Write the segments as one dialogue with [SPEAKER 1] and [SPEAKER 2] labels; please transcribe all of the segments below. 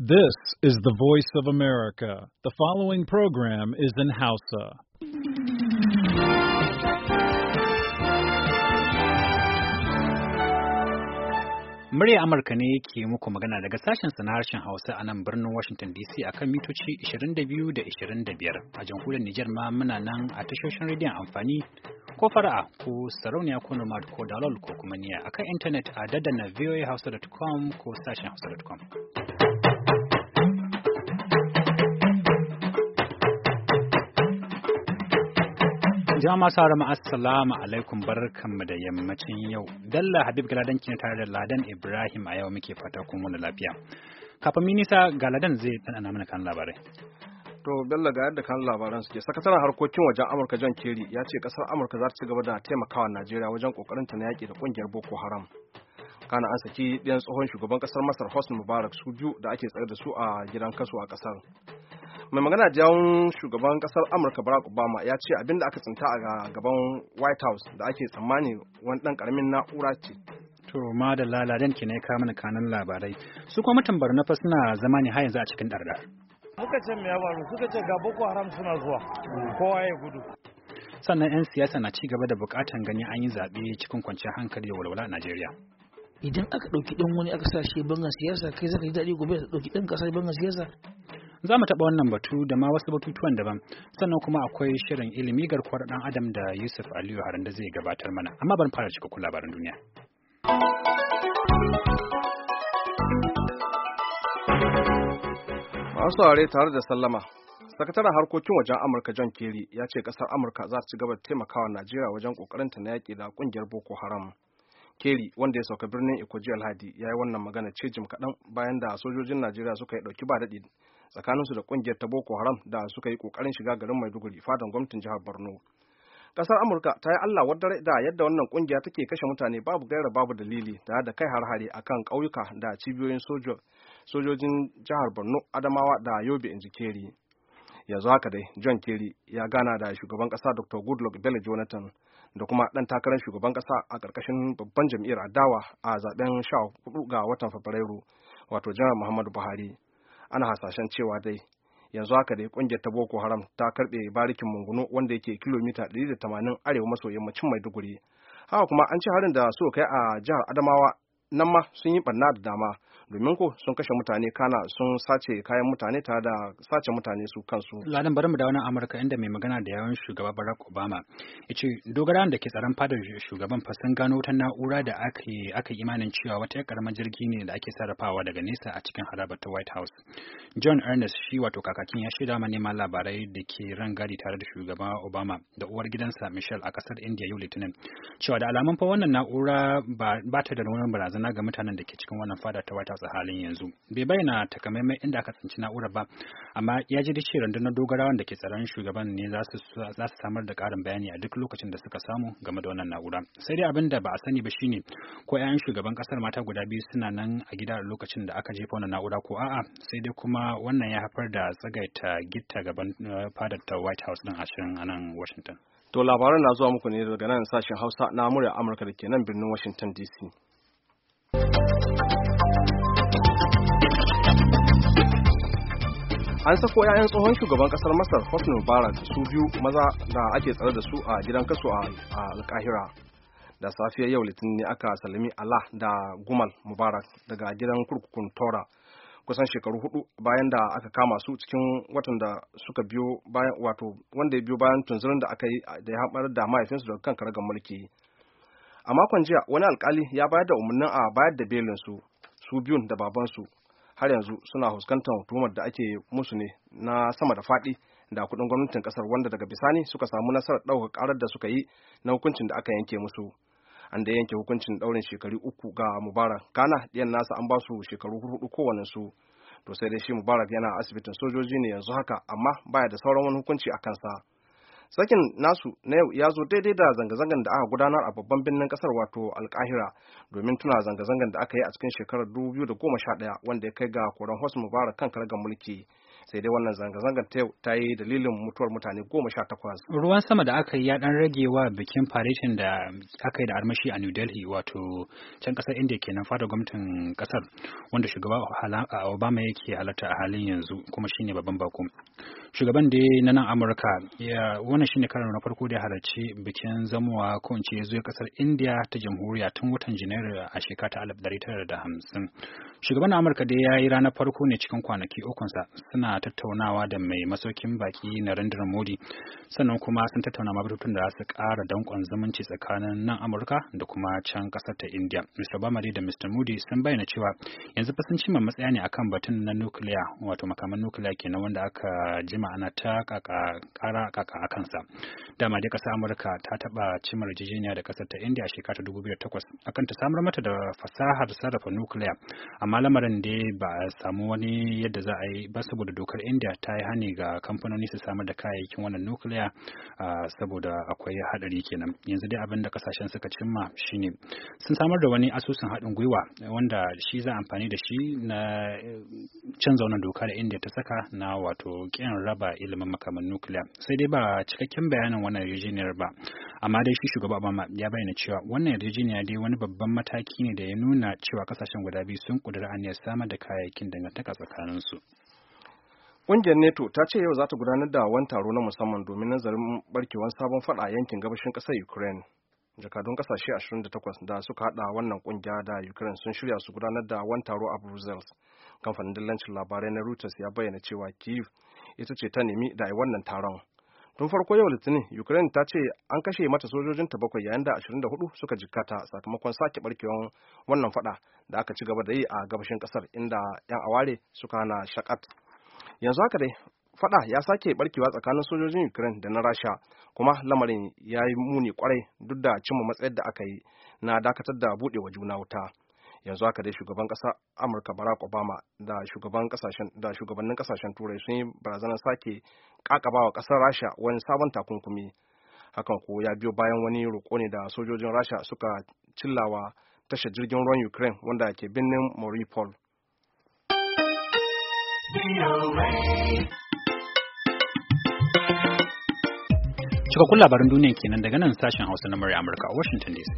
[SPEAKER 1] This is the voice of America. The following program is in Hausa. Murya Amurka ne ke muku magana daga sashen sana harshen Hausa a nan birnin Washington DC a kan mitoci 22 da 25. A jamhuriyar Nijar ma muna nan a tashoshin rediyon amfani ko fara'a ko sarauniya ko nomad ko dalol ko kuma niya akan intanet a daddana voahausa.com ko sashen hausa.com. Jama'a sauraron assalamu alaikum mu da yammacin yau. Dalla Habib Galadanki ne tare da Ladan Ibrahim a yau muke fata kun wani lafiya. Kafin minisa galadan zai ɗanɗana mana kan labarai.
[SPEAKER 2] To Bello ga yadda kan labaran suke sakataren harkokin wajen Amurka John Kerry ya ce kasar Amurka za ta ci gaba da taimakawa Najeriya wajen kokarin ta na yaki da kungiyar Boko Haram. Kana an saki ɗayan tsohon shugaban kasar Masar Hosni Mubarak su biyu da ake tsare da su a gidan kasu a kasar. mai magana jawon shugaban kasar amurka barack obama ya ce abinda aka tsinta a gaban white house da ake tsammani wani dan
[SPEAKER 1] karamin na'ura ce to ma da laladen ki ne ka mana kanan labarai su kuma tambar na fa suna zama ne har yanzu a cikin darda
[SPEAKER 3] muka ce me ya faru suka ce ga boko haram suna zuwa
[SPEAKER 1] kowa ya gudu sannan 'yan siyasa na ci gaba da bukatan gani an yi zaɓe cikin kwanciyar hankali da walwala a Najeriya. Idan aka ɗauki ɗan wani aka sa shi bangan siyasa kai zaka yi daɗi gobe da ɗauki ɗan kasa bangan siyasa. za mu taɓa wannan batu da ma wasu batutuwan daban sannan kuma akwai shirin ilimi garkuwar ɗan adam da yusuf aliyu harin da zai gabatar mana amma ban fara cikakkun labaran duniya
[SPEAKER 2] masu saurare tare da sallama sakataren harkokin wajen amurka john kerry ya ce kasar amurka za ta ci gaba da taimakawa najeriya wajen kokarin ta na yaƙi da kungiyar boko haram kerry wanda ya sauka birnin ikoji alhadi ya yi wannan magana ce kaɗan bayan da sojojin najeriya suka yi ɗauki ba daɗi tsakaninsu da kungiyar ta boko haram da suka yi kokarin shiga garin maiduguri fadan gwamnatin jihar borno kasar amurka ta yi allah wadda da yadda wannan kungiya take kashe mutane babu gaira babu dalili tare da kai har-hare kan ƙauyuka da cibiyoyin sojojin jihar borno adamawa da yobe inji keri yanzu haka dai john Keri ya gana da shugaban kasa dr goodluck bello jonathan da kuma dan takarar shugaban kasa a karkashin babban jami'ar adawa a zaben 14 ga watan fabrairu wato janar muhammadu buhari ana hasashen cewa dai yanzu haka dai kungiyar ta boko haram ta karbe barikin mungunu wanda yake kilomita 180 arewa maso yammacin maiduguri haka kuma an ce harin da suka kai a jihar adamawa nan ma sun yi barna da dama domin ko sun kashe mutane kana sun sace kayan mutane tare da sace mutane su kansu.
[SPEAKER 1] Ladan bari mu da wani Amurka inda mai magana da yawan shugaba Barack Obama ya ce dogara da ke tsaron fadar shugaban fa sun gano wata na'ura da aka yi imanin cewa wata karamar jirgi ne da ake sarrafawa daga nesa a cikin harabar ta White House. John Ernest shi wato kakakin ya shaida ma labarai da ke ran gadi tare da shugaba Obama da uwar gidansa Michelle a kasar India yau Litinin cewa da alamun fa wannan na'ura ba ta da nuna barazana barazana ga mutanen da ke cikin wannan fada ta White House a halin yanzu. Bai bayyana takamaiman inda aka tsinci na'urar ba, amma ya ji dace rundunar dogarawan da ke tsaron shugaban ne za su samar da karin bayani a duk lokacin da suka samu game da wannan na'ura. Sai dai abin da ba a sani ba shine ko 'ya'yan shugaban kasar mata guda biyu suna nan a gida a lokacin da aka jefa wannan na'ura ko a'a, sai dai kuma wannan ya haifar da tsagaita gitta gaban eh, fadar ta White House din a cikin anan Washington.
[SPEAKER 2] To labaran na zuwa muku ne daga nan sashen Hausa na murya Amurka da ke nan birnin Washington DC. an sako 'ya'yan tsohon shugaban kasar masar hosni mubarak su biyu maza da ake tsare da su a gidan kasu a alkahira da safiyar yau litinin ne aka salami allah da gumal mubarak daga gidan kurkukun tora kusan shekaru hudu bayan da aka kama su cikin watan da suka biyo bayan wato wanda ya biyo bayan tunzirin da aka yi da ya haɓar da mahaifinsu daga kan karagar mulki a makon jiya wani alkali ya bayar da umarnin a bayar da belin su su biyun da babansu har yanzu suna fuskantar hukumar da ake musu ne na sama da faɗi da kuɗin gwamnatin ƙasar wanda daga bisani suka samu nasarar ɗaukar karar da suka yi na hukuncin da aka yanke musu an da yanke hukuncin ɗaurin shekaru uku ga mubarak kana ɗiyan nasa an ba su shekaru hudu kowane su to sai dai shi mubarak yana asibitin sojoji ne yanzu haka amma baya da sauran wani hukunci a kansa. sakin nasu na yau ya zo daidai da zanga-zangar da aka gudanar a babban birnin kasar wato alkahira domin tuna zanga-zangar da aka yi a cikin shekarar 2011 wanda ya kai ga koran hos bara kan kargar mulki sai dai wannan zanga-zangar ta yi dalilin mutuwar mutane goma sha takwas.
[SPEAKER 1] Ruwan sama da aka yi ya dan rage wa bikin faretin da aka yi da armashi a New Delhi wato can kasar India kenan fada gwamnatin kasar wanda shugaba Obama yake halarta a halin yanzu kuma shine babban bako. Shugaban da na nan Amurka wannan shine karin na farko da ya halarci bikin zamowa ko in ce zuwa kasar India ta jamhuriya tun watan Janairu a shekara ta 1950. Shugaban Amurka da ya yi ranar farko ne cikin kwanaki ukunsa suna tattaunawa da mai masaukin baki Narendra Modi sannan kuma sun tattauna ma batutun da za su ƙara danƙon zumunci tsakanin nan Amurka da kuma can ƙasar ta India. Mr. Bamari da Mr. Modi sun bayyana cewa yanzu fa sun cimma matsaya ne akan batun na nukiliya wato makaman nukiliya kenan wanda aka jima ana ta kaka ƙara kaka a kansa. Dama dai ƙasar Amurka ta taɓa cimma yarjejeniya da ƙasar ta India a shekara ta 2008 akan ta samar mata da fasahar sarrafa nukiliya amma lamarin dai ba a samu wani yadda za a yi ba saboda dokar india ta yi hani ga kamfanoni su samar da kayayyakin wannan nukiliya saboda akwai hadari kenan yanzu dai abin da kasashen suka cimma shine sun samar da wani asusun haɗin gwiwa wanda shi za amfani da shi na canza wannan doka da india ta saka na wato kin raba ilimin makaman nukiliya sai dai ba cikakken bayanin wannan yarjejeniyar ba amma dai shi shugaba obama ya bayyana cewa wannan yarjejeniya dai wani babban mataki ne da ya nuna cewa kasashen guda biyu sun kudura aniyar samar da kayayyakin dangantaka tsakaninsu.
[SPEAKER 2] Ƙungiyar NATO ta ce yau za ta gudanar da wani taro na musamman domin nazarin barkewar sabon fada a yankin gabashin ƙasar Ukraine. Jakadun ƙasashe 28 da suka haɗa wannan ƙungiya da Ukraine sun shirya su gudanar da wani taro a Brussels. Kamfanin dillancin labarai na Reuters ya bayyana cewa Kyiv ita ce ta nemi da wannan taron. Tun farko yau Litinin, Ukraine ta ce an kashe mata sojojin ta bakwai yayin da 24 suka jikata sakamakon sake barkewar wannan fada da aka ci gaba da yi a gabashin ƙasar inda 'yan aware suka hana shakat yanzu haka dai fada ya sake barkewa tsakanin sojojin ukraine da na rasha kuma lamarin ya yi muni kwarai duk da cimma matsayar da aka yi na dakatar da buɗewa juna wuta yanzu haka dai shugaban kasa amurka barack obama da shugaban kasashen da shugabannin kasashen turai sun yi barazanar sake kakabawa kasar rasha wani sabon takunkumi hakan ko ya biyo bayan wani roƙo ne da sojojin rasha suka cillawa tashar jirgin ruwan ukraine wanda ke birnin mariupol
[SPEAKER 3] kun
[SPEAKER 1] labarin duniya kenan daga nan sashen Hausa na murya Amurka a Washington DC.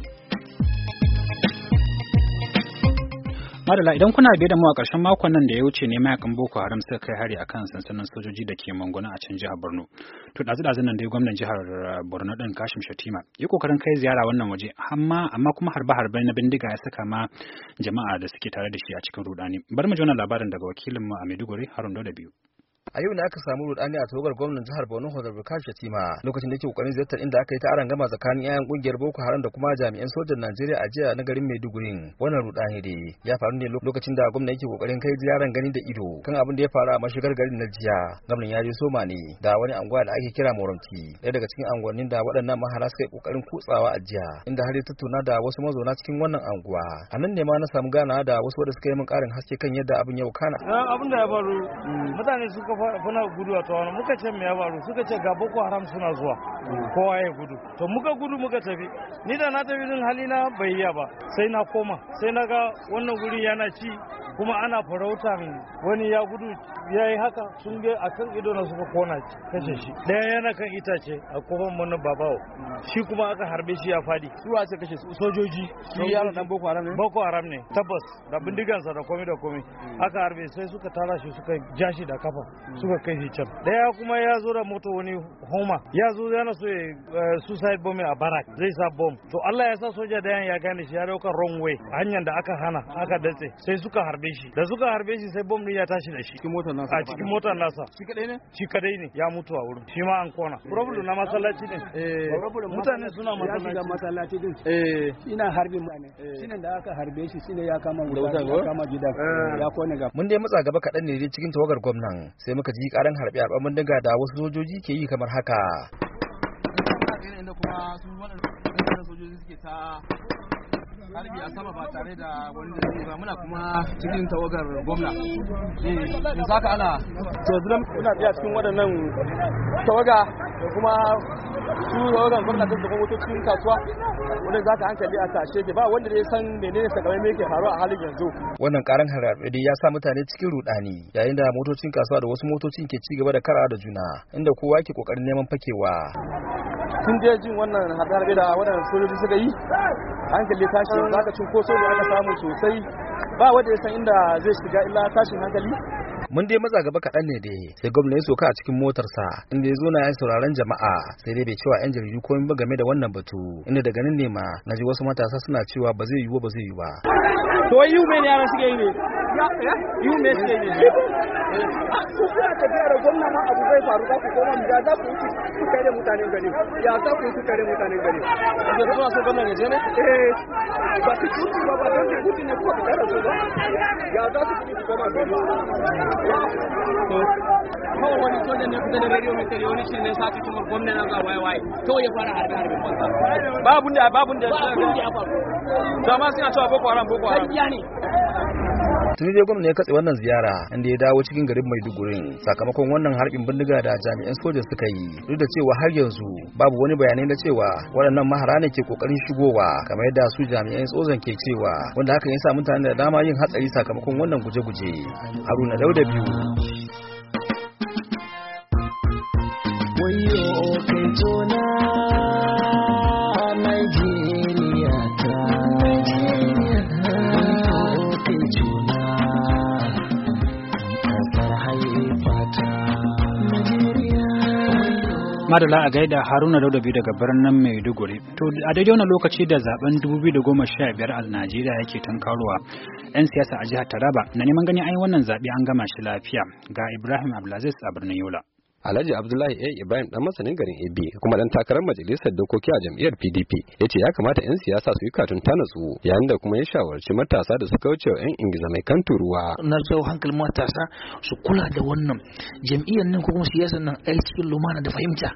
[SPEAKER 1] Madala idan kuna biye da mu a ƙarshen makon nan da ya wuce ne mayakan Boko Haram suka kai hari akan sansanin sojoji da ke Mangona a can jihar Borno. To ɗazu ɗazu nan dai gwamnan jihar uh, Borno ɗin Kashim Shatima ya kokarin kai ziyara wannan waje amma amma kuma harbe harbe na bindiga ya saka ma jama'a da suke tare da shi a cikin rudani. bar mu ji wannan labarin daga wakilin mu a Maiduguri Harun Dauda biyu.
[SPEAKER 4] a yau ne aka samu rudani a tawagar gwamnan jihar Borno Honorable Kashi Shatima lokacin da yake kokarin ziyartar inda aka yi ta gama tsakanin yayan kungiyar Boko Haram da kuma jami'an sojan Najeriya a jiya na garin Maiduguri wannan rudani ne ya faru ne lokacin da gwamnan yake kokarin kai ziyaran gani da ido kan abin da ya faru a mashigar garin na jiya gwamnan ya je soma ne da wani anguwa da ake kira Moramti ɗaya daga cikin anguwannin da waɗannan mahara suka yi kokarin kutsawa a jiya inda har ya tattauna da wasu mazauna cikin wannan anguwa a nan ne ma na samu gana da wasu wanda suka yi min ƙarin haske kan yadda abin ya wakana
[SPEAKER 3] abin da ya faru mm, mutane muna gudu a wani muka ce me ya suka ce ga boko haram suna zuwa kowa ya gudu to muka gudu muka tafi ni da na tafi din halina bai iya ba sai na koma sai na ga wannan guri yana ci kuma ana farautan wani ya gudu ya yi haka sun ga a kan ido na suka kona kashe shi ɗaya yana kan itace a kofar mana babawo shi kuma aka harbe shi ya fadi su a kashe sojoji su yaron dan boko haram ne boko haram ne tabbas da hmm. bindigansa da komi da komi hmm. aka harbe sai suka tara shi suka ja shi da kafa hmm. suka kai shi can ɗaya kuma ya zo da moto wani homa ya zo yana so eh, suicide bomb a barak zai sa bomb to Allah ya sa soja dayan ya gane shi ya dauka wrong way hanyar da aka hana aka datse sai suka harbe shi da suka harbe shi sai bom din ya tashi da shi cikin motar nasa a cikin motar nasa shi kadai ne shi kadai ne ya mutu a wurin shi ma an kona problem na masallaci din eh, mutane suna masallaci din
[SPEAKER 4] eh ina harbe mutane eh. shine da aka harbe shi shine ya kama wuta ya kama gida eh. ya kone ga mun dai matsa gaba kadan ne cikin tawagar gwamnan sai muka ji karan harbe a mun dinga da wasu sojoji ke yi kamar haka haka sojoji suke ta harbi a sama ba tare da wani da ba muna kuma cikin tawagar gwamna
[SPEAKER 3] eh, yanzu haka ana to muna tsaya cikin waɗannan tawaga da kuma
[SPEAKER 4] su tawagar gwamna da kuma motocin kasuwa wanda za ka hankali a tashe ke ba
[SPEAKER 5] wanda dai san menene sakamai me ke faruwa a halin yanzu
[SPEAKER 4] wannan karan harbi ya sa mutane cikin rudani yayin da motocin kasuwa da wasu motocin ke ci gaba da kara da juna inda kowa ke kokarin neman fakewa tun da jin wannan harbe-harbe da waɗannan sojoji suka yi hankali tashi za ka cin ko sojo aka samu sosai ba wanda ya san inda zai shiga illa tashin hankali mun dai maza gaba kaɗan ne dai sai gwamna ya soka a cikin motarsa inda ya zo na yan sauraron jama'a sai dai bai cewa yan jaridu komai ba game da wannan batu inda daga nan ne ma na ji wasu matasa suna cewa ba zai yiwu ba zai yiwu ba. to wai yiwu mai yara suke yi ne yiwu mai suke yi ne. ku
[SPEAKER 5] kuna tafiya da gwamna ma abu zai faru za ku koma mu za ku su ku kare mutanen gari ya za ku su ku kare mutanen gari. a
[SPEAKER 3] zai zuwa sun gwamna ne je ne. Eh, ba su kuɗi ba ba don su kuɗi ne kuma ku kare su ba ya za su kuɗi su koma gari. kawai wani sojan ne kusa da rediyo mai tare wani shirme sa cikin gwamnan nan zuwa waye kawai ya fara harbe harbe babun da babun da ya faru to amma suna cewa boko haram boko haram
[SPEAKER 4] tuni dai gwamnati ya katse wannan ziyara inda ya dawo cikin garin Maiduguri sakamakon wannan harbin bindiga da jami'an soja suka yi duk da cewa har yanzu babu wani bayanai na cewa waɗannan mahara ne ke kokarin shigowa kamar yadda su jami'an sojan ke cewa wanda hakan ya sa mutane da dama yin hatsari sakamakon wannan guje-guje Haruna Dauda biyu
[SPEAKER 6] Wayo kai tona
[SPEAKER 1] Madala a gaida Haruna Dauda biyu daga birnin Maiduguri. To a daidai wani lokaci da zaben 2015 a Najeriya yake tankarwa 'Yan siyasa a jihar Taraba na neman ganin ai wannan zaɓe an gama
[SPEAKER 5] shi lafiya ga Ibrahim Abdulaziz a birnin Yola. Alhaji Abdullahi A Ibrahim dan masanin garin AB kuma dan takarar majalisar dokoki a jam'iyyar PDP ya ce ya kamata 'yan siyasa su yi katun ta natsu yayin da kuma ya shawarci matasa da su kauce wa 'yan ingiza mai kan turuwa.
[SPEAKER 4] Na jawo hankalin matasa su kula da wannan jam'iyyar nan ko kuma siyasar nan ai cikin lumana da fahimta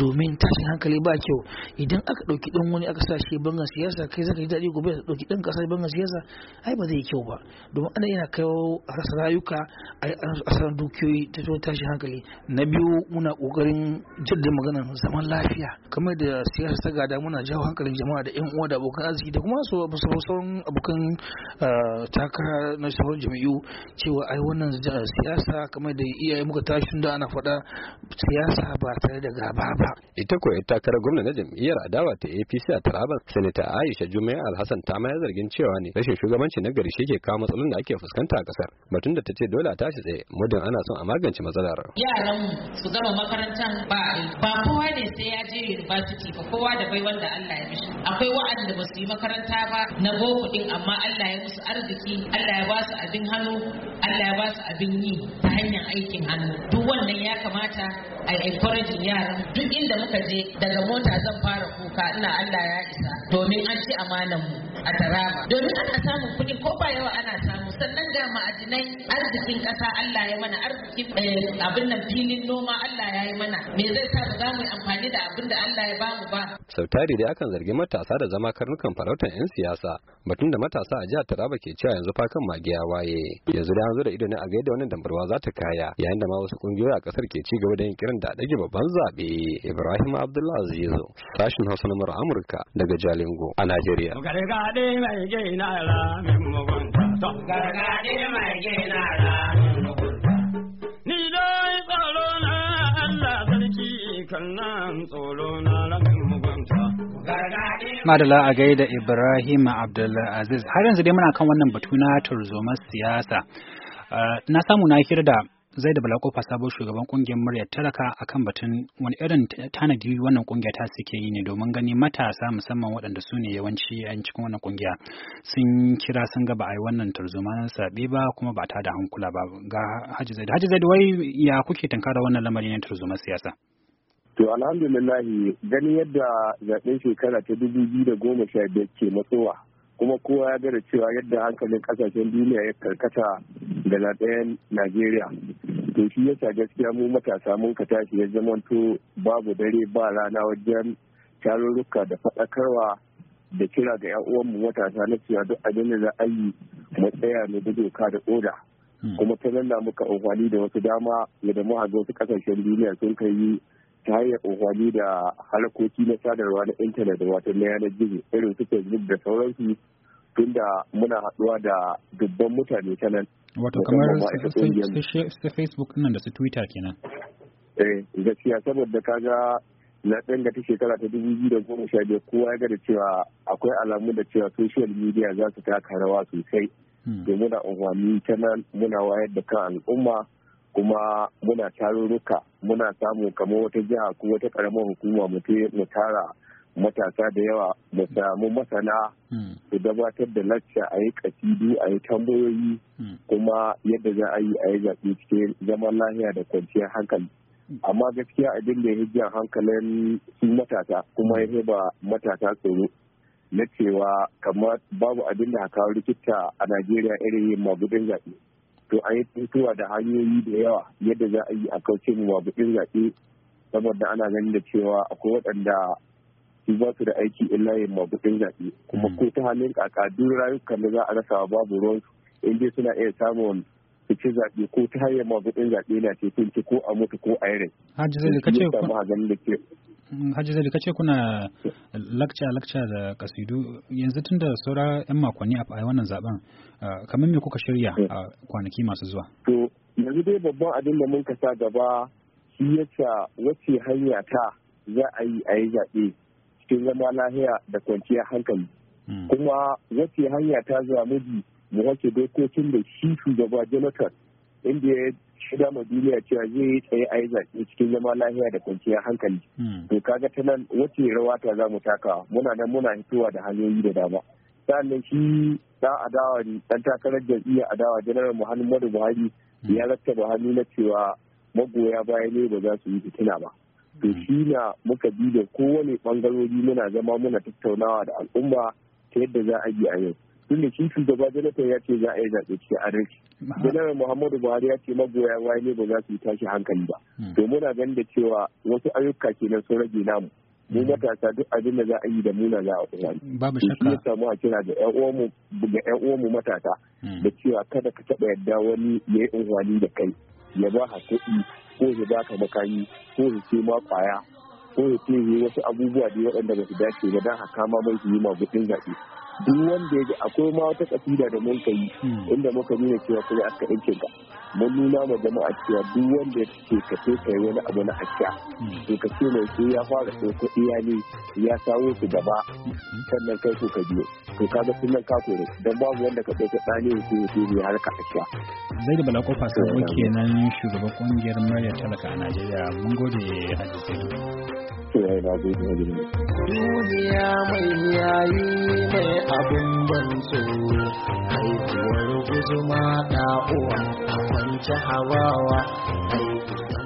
[SPEAKER 4] domin tashin hankali ba kyau idan aka ɗauki ɗan wani aka sa shi siyasa kai zaka yi daɗi gobe dauki ɗauki ɗan ƙasar banga siyasa ai ba zai yi kyau ba domin ana yana kawo rasa rayuka a rasa dukiyoyi ta tashin hankali na biyu biyu muna kokarin jaddada maganar zaman lafiya kamar da siyar ta gada muna jawo hankalin jama'a da yan uwa da abokan arziki da kuma sauran abokan ah, takara na sauran jami'u cewa ai wannan siyasa kamar da iyaye muka tashi da ana faɗa siyasa ba tare da gaba ba
[SPEAKER 5] ita ko takarar gwamna na jam'iyyar adawa ta APC a Tarabar. Sanata Aisha Jummai Alhassan ta mayar zargin cewa ne rashin shugabanci na gari ke kawo matsalolin da ake fuskanta a kasar batun da ta ce dole a tashi tsaye muddin ana son a magance matsalar
[SPEAKER 3] yaran su gama makarantar ba ba kowa ne sai ya je university ba kowa da bai wanda Allah ya mishi akwai wa'anda ba su yi makaranta ba na boko din amma Allah ya musu arziki Allah ya ba su abin hannu Allah ya ba su abin yi ta hanyar aikin hannu duk wannan ya kamata a encourage yaran duk inda muka je daga mota zan fara kuka ina Allah ya isa domin an ci amanan mu a taraba domin ana samun kuɗi ko ba yawa ana samu sannan ga ma'adinai arzikin ƙasa Allah ya mana arzikin eh, abin nan filin noma noma Allah ya yi mana me zai sa ba za mu yi amfani da abin da Allah ya bamu ba
[SPEAKER 5] sau tari dai akan zargi matasa da zama karnukan farautar yan siyasa batun da matasa a jihar Taraba ke cewa yanzu fa kan magiya waye yanzu da zo da ido ne a gaida wannan dambarwa za ta kaya yayin da ma wasu kungiyoyi a kasar ke ci gaba da yin kiran da dage babban zabe Ibrahim Abdullahi Azizu sashin Hausa na Amurka daga Jalingo a Najeriya
[SPEAKER 3] Ni
[SPEAKER 1] Madala a gaida Ibrahim Abdulaziz har yanzu dai muna kan wannan batu na turzomar siyasa. Uh, na samu na hira da zai da balakofa sabuwar shugaban kungiyar murya talaka akan batun wani irin tanadi wannan kungiya ta suke yi ne domin gani matasa musamman waɗanda su ne yawanci yan cikin wannan kungiya sun kira sun ga ba a yi wannan na saɓe ba kuma ba ta da hankula ba ga haji zai haji zai wai ya kuke tankara wannan lamari ne siyasa
[SPEAKER 7] To alhamdulillahi gani yadda zaɓen shekara ta dubu biyu da goma sha biyar ke matsowa kuma kowa ya gada cewa yadda hankalin ƙasashen duniya ya karkata da ɗayan Najeriya. To shi ya yasa gaskiya mu matasa mun ka tashi ya zamanto babu dare ba rana wajen tarurruka da faɗakarwa da kira ga 'yan uwanmu matasa na cewa duk abin da za a yi mu tsaya mu bi doka da oda. Hmm. Kuma ta nan muka amfani da wasu dama yadda mu wasu kasashen duniya sun kai ta hanyar amfani da harkoki na sadarwa na intanet wato na yanar gizo irin su facebook da sauransu tunda muna haɗuwa da dubban mutane ta nan
[SPEAKER 1] wato kamar su facebook nan da su twitter kenan
[SPEAKER 7] eh gaskiya saboda kaga na ɗanga ta shekara ta dubu biyu da goma sha biyar kowa ya ga da cewa akwai alamu da cewa social media za su taka rawa sosai domin hmm. a unguwanni ta nan muna wayar da kan al'umma kuma muna tarurruka muna samu kamar wata jiha ko wata karamar hukuma mu tara matasa da yawa mu samu masana hmm. su gabatar da lacca a yi kasidu a yi tambayoyi hmm. kuma yadda za a yi a yi zaɓe cikin zaman lahiya da kwanciyar hankali hmm. amma gaskiya abin da ya hijja hankalin su matasa kuma ya heba matasa tsoro na cewa kamar babu abin da haka rikita a najeriya irin yin magudin zaɓe to a yi fitowa da hanyoyi da yawa yadda za a yi a kauce mu babuɗin zaɓe saboda ana ganin da cewa akwai waɗanda su ba su da aiki illa yin babuɗin zaɓe kuma hmm. ko ta halin kaka duk rayukan da za a rasa babu ruwan in dai suna iya samun fice zaɓe ko ta hanyar mabuɗin zaɓe na ce ko a mutu ko a yi rai. Hajji zai ka ce
[SPEAKER 1] Mm, Hajji ka kace kuna lakca lakca da kasidu yanzu tun da saura yan makonni a fa'a'i wannan zaben kamar me kuka shirya a kwanaki masu zuwa.
[SPEAKER 7] To yanzu dai babban abin da mun kasa gaba shi yacca wacce hanya ta za a yi a yi zaɓe cikin zama lahiya da kwanciyar hankali. Mm. Kuma wacce hanya ta zuwa mu wace dokokin da shi shugaba Jonathan inda ya shida ma duniya cewa zai yi tsaye a yi zaɓe cikin zama lahiya da kwanciyar hankali. Hmm. To kaga ta nan wace rawa ta za mu taka muna nan muna hitowa da hanyoyi da dama. Sa'annan shi ɗan adawa ɗan takarar jam'iyyar dawa janar Muhammadu Buhari hmm. ya rattaba hannu na cewa magoya baya ne ba za su yi fitina ba. To hmm. shi na muka bi da kowane ɓangarori muna zama muna tattaunawa da al'umma ta yadda za a yi a yau. tun da shi shugaba jonathan ya ce za a yi zaɓe cikin adalci janar muhammadu buhari ya ce magoya waye ne ba za su yi tashi hankali ba hmm. to muna ganin da cewa wasu ayyuka kenan sun rage namu mu hmm. matasa duk abin da za a yi da muna za a kusa
[SPEAKER 8] babu shakka
[SPEAKER 7] samu a kira ga ƴan uwanmu ga ƴan uwanmu matasa hmm. da cewa kada ka taɓa yadda wani ya yi da kai ya ba ka kuɗi ko ya ba ka makami ko ya ce ma ƙwaya ko ya ce wasu abubuwa da waɗanda ba su dace ba don haka ma mai su yi ma mabutin zaɓe duk wanda ya akwai ma wata kasida da mun kai hmm. inda muka nuna cewa kuma aka yanke ka mun nuna ma jama'a cewa duk wanda ya ce ka ce kai wani abu na hakka hmm. to ka ce mai sai ya fara sai ko ne ya kawo su gaba hmm. sannan kai ko ka biyo to kaga sunan ka kore dan babu wanda ka kai ka tsane ko ya ne har ka hakka
[SPEAKER 1] zai da bala kofa sai kenan shugaban kungiyar murya talaka a Najeriya mun gode a cikin
[SPEAKER 7] Duniya
[SPEAKER 1] mai yayi mai abin
[SPEAKER 6] ban
[SPEAKER 3] tsoro haihuwar guzuma da uwa a kwanci
[SPEAKER 1] hawawa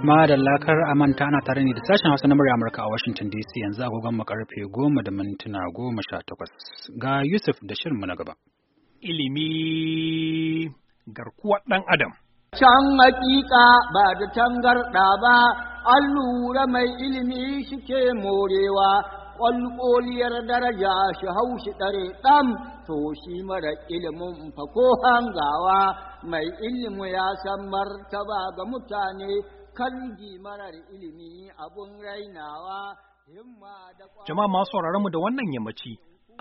[SPEAKER 1] Madalla kar ana tare ne da sashen Hausa na murya Amurka a Washington DC yanzu agogon makarfe goma da mintuna goma sha takwas ga Yusuf da shirinmu na gaba.
[SPEAKER 8] Ilimi garkuwar ɗan Adam. Can
[SPEAKER 6] hakika ba da tangarɗa ba, an lura mai ilimi shi ke morewa ƙwalƙoliyar daraja shi haushi ɗare ɗan to shi mara ilimin fa ko hangawa mai ilimi ya san martaba ga mutane kalgi marar ilimi abun rainawa himma
[SPEAKER 8] da jama'a masu mu da wannan yammaci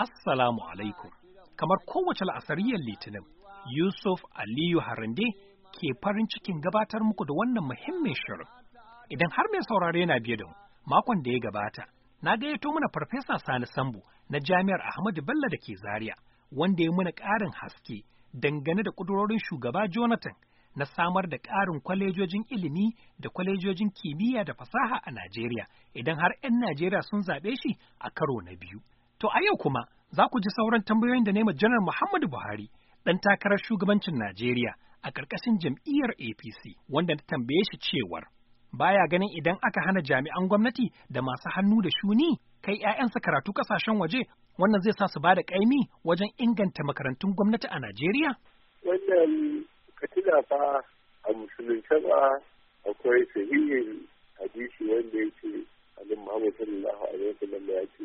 [SPEAKER 8] assalamu alaikum kamar kowace la'asariyar litinin yusuf aliyu harande ke farin cikin gabatar muku da wannan muhimmin shirin idan har mai saurare yana biye da mu, makon da ya gabata na gayyato mana farfesa Sani Sambu na Jami'ar Ahmadu Bello da ke Zaria, wanda ya mana ƙarin haske dangane da ƙudurorin shugaba Jonathan na samar da ƙarin kwalejojin ilimi da kwalejojin kimiyya da fasaha a Najeriya idan har 'yan Najeriya sun zaɓe shi a karo na biyu. To a yau kuma za ku ji sauran tambayoyin da nema Janar Muhammadu Buhari ɗan takarar shugabancin Najeriya a ƙarƙashin jam'iyyar APC wanda ta tambaye shi cewar baya ganin idan aka hana jami'an gwamnati da masu hannu da shuni kai 'ya'yansa karatu kasashen waje wannan zai sa su bada kaimi wajen inganta makarantun gwamnati a Najeriya?
[SPEAKER 7] Wannan katila fa a musulunce ba akwai sahihin hadisi wanda ya ce Annabi Muhammad sallallahu alaihi wasallam ya ce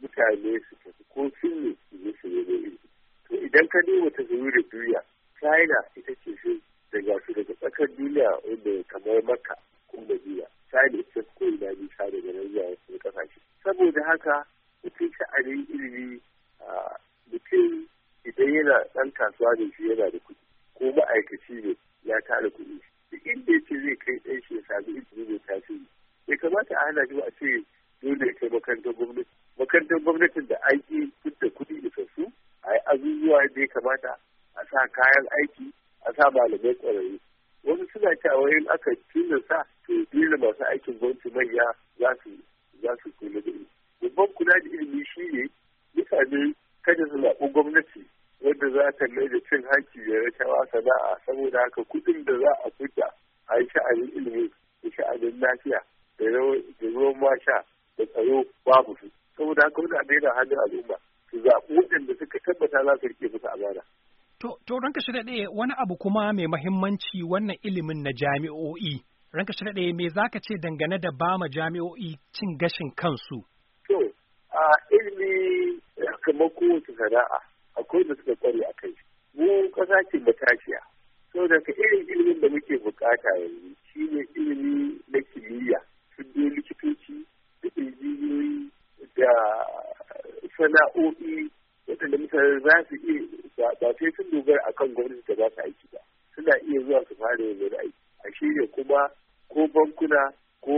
[SPEAKER 7] mutane su tafi ko sun ne su je su ilimi. To idan ka duba ta zuwa da duniya China ita ce shi daga su daga tsakar duniya wanda kamar Makka kun da jiya da ita ko ina bi sa da nan zuwa wasu kasashe saboda haka mutum sha'anin ilimi mutum idan yana dan kasuwa da shi yana da kuɗi ko ma'aikaci ne ya tara kuɗi duk inda ya ce zai kai ɗan shi ya sami ilimi mai tasiri ya kamata a hana shi a ce dole ya kai makarantar gwamnati makarantar gwamnatin da aiki duk da kuɗi isassu a yi azuzuwa da ya kamata a sa kayan aiki a sa malamai ƙwararru wasu suna cewa in aka tilasta da masu aikin gwamnati manya za su za su kula da babban kula da ilimi shi ne mutane kada su zaɓi gwamnati wadda za ta mai da cin hanci da rashawa sana'a saboda haka kuɗin da za a fita a yi sha'anin ilimi da sha'anin lafiya da ruwan masha da tsaro babu su saboda haka wani abin da hannun al'umma su zaɓi waɗanda suka tabbata za su rike musu amana.
[SPEAKER 8] To, to ranka shi daɗe wani abu kuma mai mahimmanci wannan ilimin na jami'o'i. ranka shi daɗe me za ka ce dangane da ba ma jami'o'i cin gashin
[SPEAKER 7] kansu? To, a ilimi eh, kamar kowace sana'a akwai da suka kware a kai. Mu ƙasa ce matashiya. Saboda ka irin ilimin da muke buƙata yanzu shi ne ilimi na kimiyya. ne likitoci, da injiniyoyi, da sana'o'i waɗanda mutane za su iya ba sai sun dogara akan gwamnati da ba su aiki ba. Suna iya zuwa su fara yanzu aiki. A shirya kuma ko bankuna ko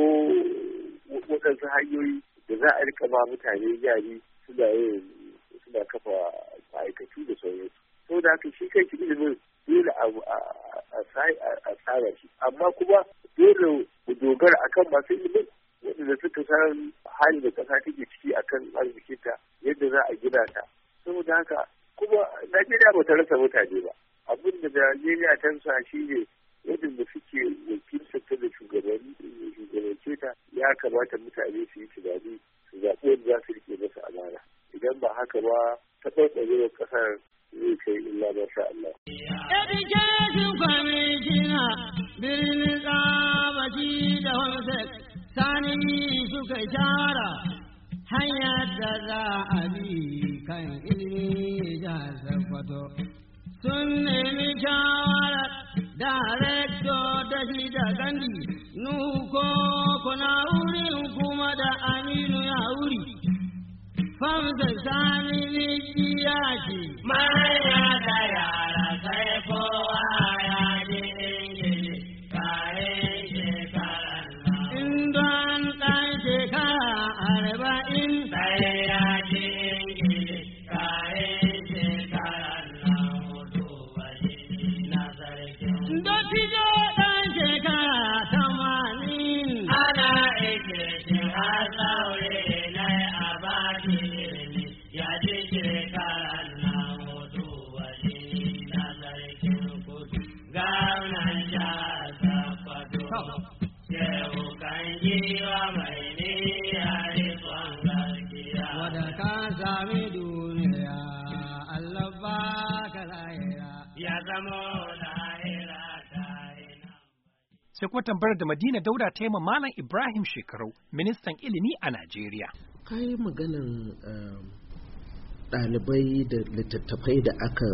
[SPEAKER 7] waɗansu hanyoyi da za a rika ba mutane yari suna yin suna kafa ma'aikatu da sauransu da haka shi kai ilimin dole a tsara shi amma kuma dole mu dogara akan masu ilimin waɗanda suka san hali da ƙasa take ciki akan arzikinta yadda za a gina ta saboda haka kuma najeriya ba ta rasa mutane ba abin da najeriya ta sa shi ne da suke wakiltar ta da shugabance ta ya kamata mutane su yi tunani su zaɓi wanda za su rike masa amana idan ba haka ba ta ɓarɓarewar ƙasar zai kai illa ba sha Allah.
[SPEAKER 3] Education birnin da hanyar da za a bi kan ilimi da zafato. sun nemi shawarar darekto da shi da gandi nuko kuna wurin kuma da aminu ya wuri famsa sami ni ya ce manya da yara sai kowa ya
[SPEAKER 8] sai kuma tambayar da Madina Dauda ta yi ma Malam Ibrahim Shekarau, ministan ilimi a Najeriya.
[SPEAKER 6] Kai maganin eh, ɗalibai da littattafai da aka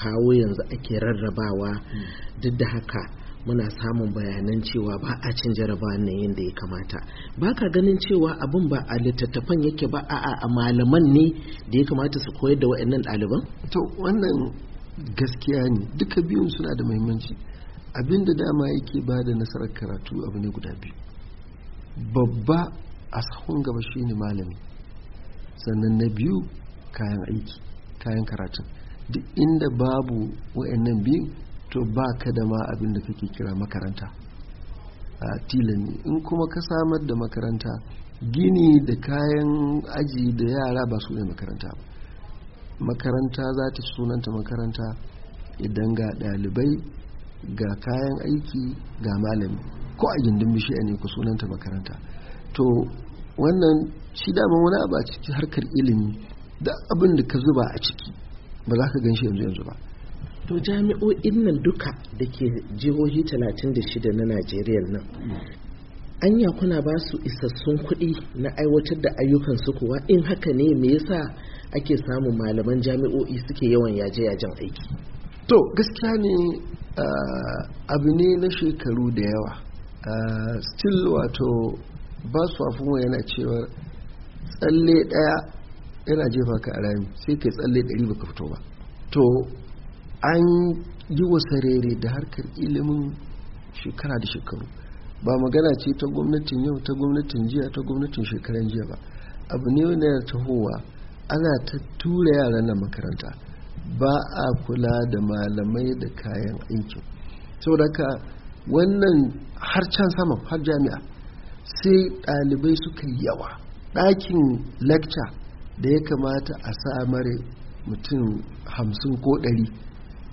[SPEAKER 6] kawo yanzu ake rarrabawa hmm. duk da haka muna samun bayanan cewa ba a cin jarabawan na yadda ya kamata ba ka ganin cewa abin ba a littattafan yake ba a a malaman ne da ya kamata su koyar da wa'annan ɗaliban? to wannan gaskiya ne duka biyun suna da mahimmanci. abinda dama yake ba da nasarar karatu abu ne guda biyu babba a sahun gaba shi ne malami sannan na biyu kayan aiki kayan karatu. duk inda babu wa'annan biyu to ba ka da ma abin da kake kira makaranta a tilani in kuma ka samar da makaranta gini da kayan aji da yara ba su ne makaranta ba makaranta za ta sunanta makaranta idan ga ɗalibai ga kayan aiki ga malami ko a gindin bishiya ne ku sunanta makaranta to wannan shi dama wani abu ciki harkar ilimi da abin da ka zuba a ciki ba za ka gan shi yanzu yanzu ba to jami'o'in nan duka da ke jihohi 36 na najeriya nan anya kuna ba su isassun kuɗi na aiwatar da ayyukan su kuwa in haka ne me yasa ake samun malaman jami'o'i suke yawan yaje yajen aiki to gaskiya ne Eh, abu ne na shekaru da yawa eh, still wato ba su afuwa yana cewa tsalle ɗaya yana jefa ka a rami sai ka tsalle ɗari baka fito ba to an yi wasa rere da harkar ilimin shekara da shekaru ba magana ce ta gwamnatin yau ta gwamnatin jiya ta gwamnatin shekaran jiya ba abu ne wanda ya tahowa ana ta tura yaran na makaranta ba a kula da malamai da kayan aikin saboda wannan har can sama har jami'a sai ɗalibai suka yi yawa ɗakin lecture da ya kamata a samare mutum hamsin ko ɗari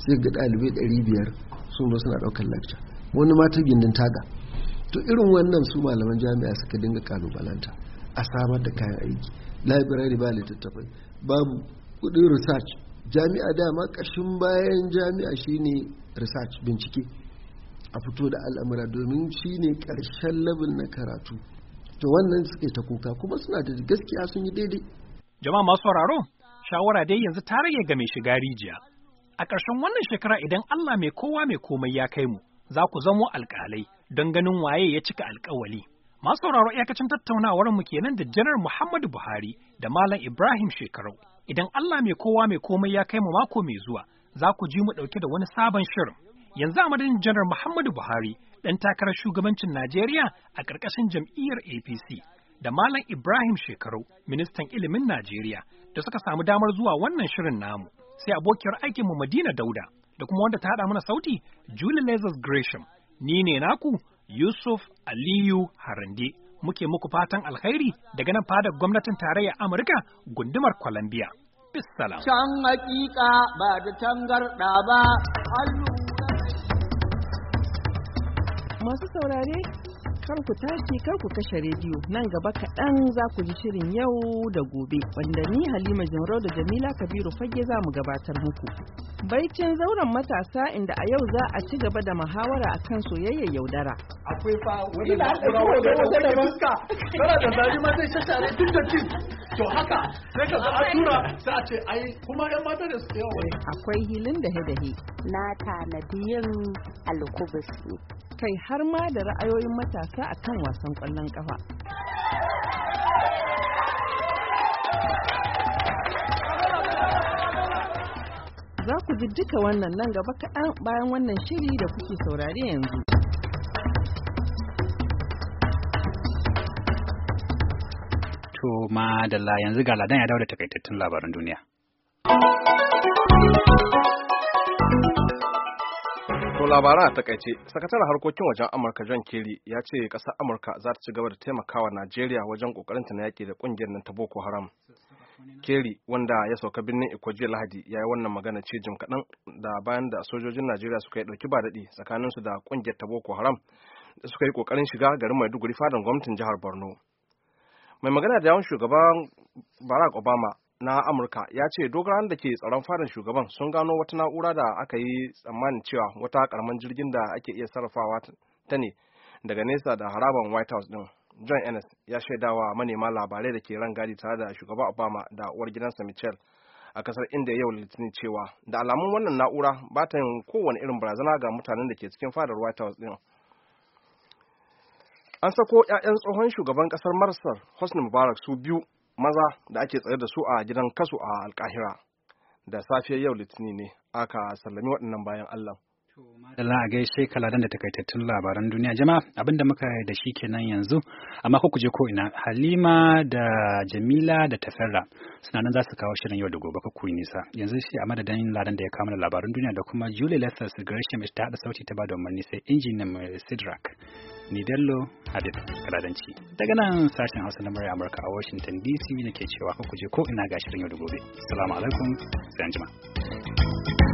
[SPEAKER 6] sai ga ɗalibai ɗari biyar sun zo suna ɗaukar lecture wani mata gindin taga to irin wannan su malaman jami'a suka dinga kalubalanta a samar da kayan aiki library ba littattafai babu kudin research jami'a dama kashin bayan jami'a shine research bincike a fito da al'amura domin shine karshen labin na karatu to wannan suke ta kuka kuma suna
[SPEAKER 8] da gaskiya sun yi daidai jama'a masu sauraro shawara dai yanzu ta rage ga mai shiga rijiya a ƙarshen wannan shekara idan Allah mai kowa mai komai ya kai mu za ku zamo alƙalai don ganin waye ya cika alƙawali masu sauraro iyakacin tattaunawar mu kenan da janar Muhammadu Buhari da Malam Ibrahim Shekarau Idan Allah mai kowa mai komai ya kai mu mako mai zuwa, za ku ji mu ɗauke da wani sabon shirin. Yanzu a madadin Janar Muhammadu Buhari, ɗan takarar shugabancin Najeriya a ƙarƙashin jam'iyyar APC, da Malam Ibrahim Shekaru, ministan ilimin Najeriya, da suka samu damar zuwa wannan shirin namu. Sai abokiyar aikinmu Madina Dauda, da kuma wanda ta haɗa mana sauti, Julie Lazarus Gresham. Ni ne naku, Yusuf Aliyu Harande. muke muku fatan alkhairi daga nan fadar gwamnatin tarayyar Amurka gundumar Columbia. Bissalam.
[SPEAKER 6] Can hakika ba da tangarda ba, Masu saurare kar ku tashi kar ku kashe rediyo nan gaba kaɗan za ku ji
[SPEAKER 8] shirin yau da gobe wanda ni Halima Jimrau da Jamila Kabiru fage za mu gabatar muku.
[SPEAKER 4] Baicin zauren matasa inda a yau za a ci gaba da muhawara akan soyayyar yaudara.
[SPEAKER 6] Akwai fa wani da aka da wani da fuska, da ma zai da to haka sai ka a tura sai a ce ai kuma yan mata da su yawa eh, akwai hilin da dahe na tanadi yin alkubus kai har ma da ra'ayoyin matasa akan wasan kwallon kafa za ku ji duka wannan nan gaba kaɗan bayan wannan shiri da kuke saurari yanzu.
[SPEAKER 1] To madalla yanzu ga ladan ya dawo da takaitattun labaran duniya. To
[SPEAKER 2] labaran a takaice, sakataren harkokin wajen Amurka John Kerry ya ce ƙasar Amurka za ta ci gaba da taimakawa Najeriya wajen ta na yaƙi da ƙungiyar nan ta Boko Haram. Kerry wanda ya sauka birnin Iko Lahadi ya yi wannan magana ce jim kaɗan da bayan da sojojin Najeriya suka yi ɗauki ba daɗi tsakaninsu da ƙungiyar ta Boko Haram suka yi ƙoƙarin shiga garin Maiduguri fadan gwamnatin jihar Borno. mai magana da yawan shugaban barack obama na amurka ya ce dogaran da ke tsaron farin shugaban sun gano wata na'ura da aka yi tsammanin cewa wata karamin jirgin da ake iya sarrafawa ta ne daga nesa da haraban white house din john ennis ya shaidawa manema labarai da ke ran gadi tare da shugaban obama da uwar gidansa michel a kasar inda yau litinin cewa da alamun wannan na'ura ba ta yin kowane irin barazana ga mutanen da ke cikin fadar white house din an sako 'ya'yan tsohon shugaban kasar marasar hosni mubarak su biyu maza da ake tsare da su a gidan kasu a alkahira da safiyar yau Litini
[SPEAKER 1] ne aka sallami waɗannan bayan allah da la a gaishe kaladan da takaitattun labaran duniya jama'a abinda muka yi da shi kenan yanzu amma ku je ko ina halima da jamila da tafarra suna nan za su kawo shirin yau da gobe ku yi nisa yanzu shi a madadin ladan da ya kawo mana labaran duniya da kuma julie lester gresham ta haɗa sauti ta ba da umarni sai injiniyan sidrak ni Dello Hadid Galadanci. Daga nan sashen Hausa na murya Amurka a Washington DC ke cewa ku je ko ina ga shirin yau da gobe. Assalamu alaikum sai anjima.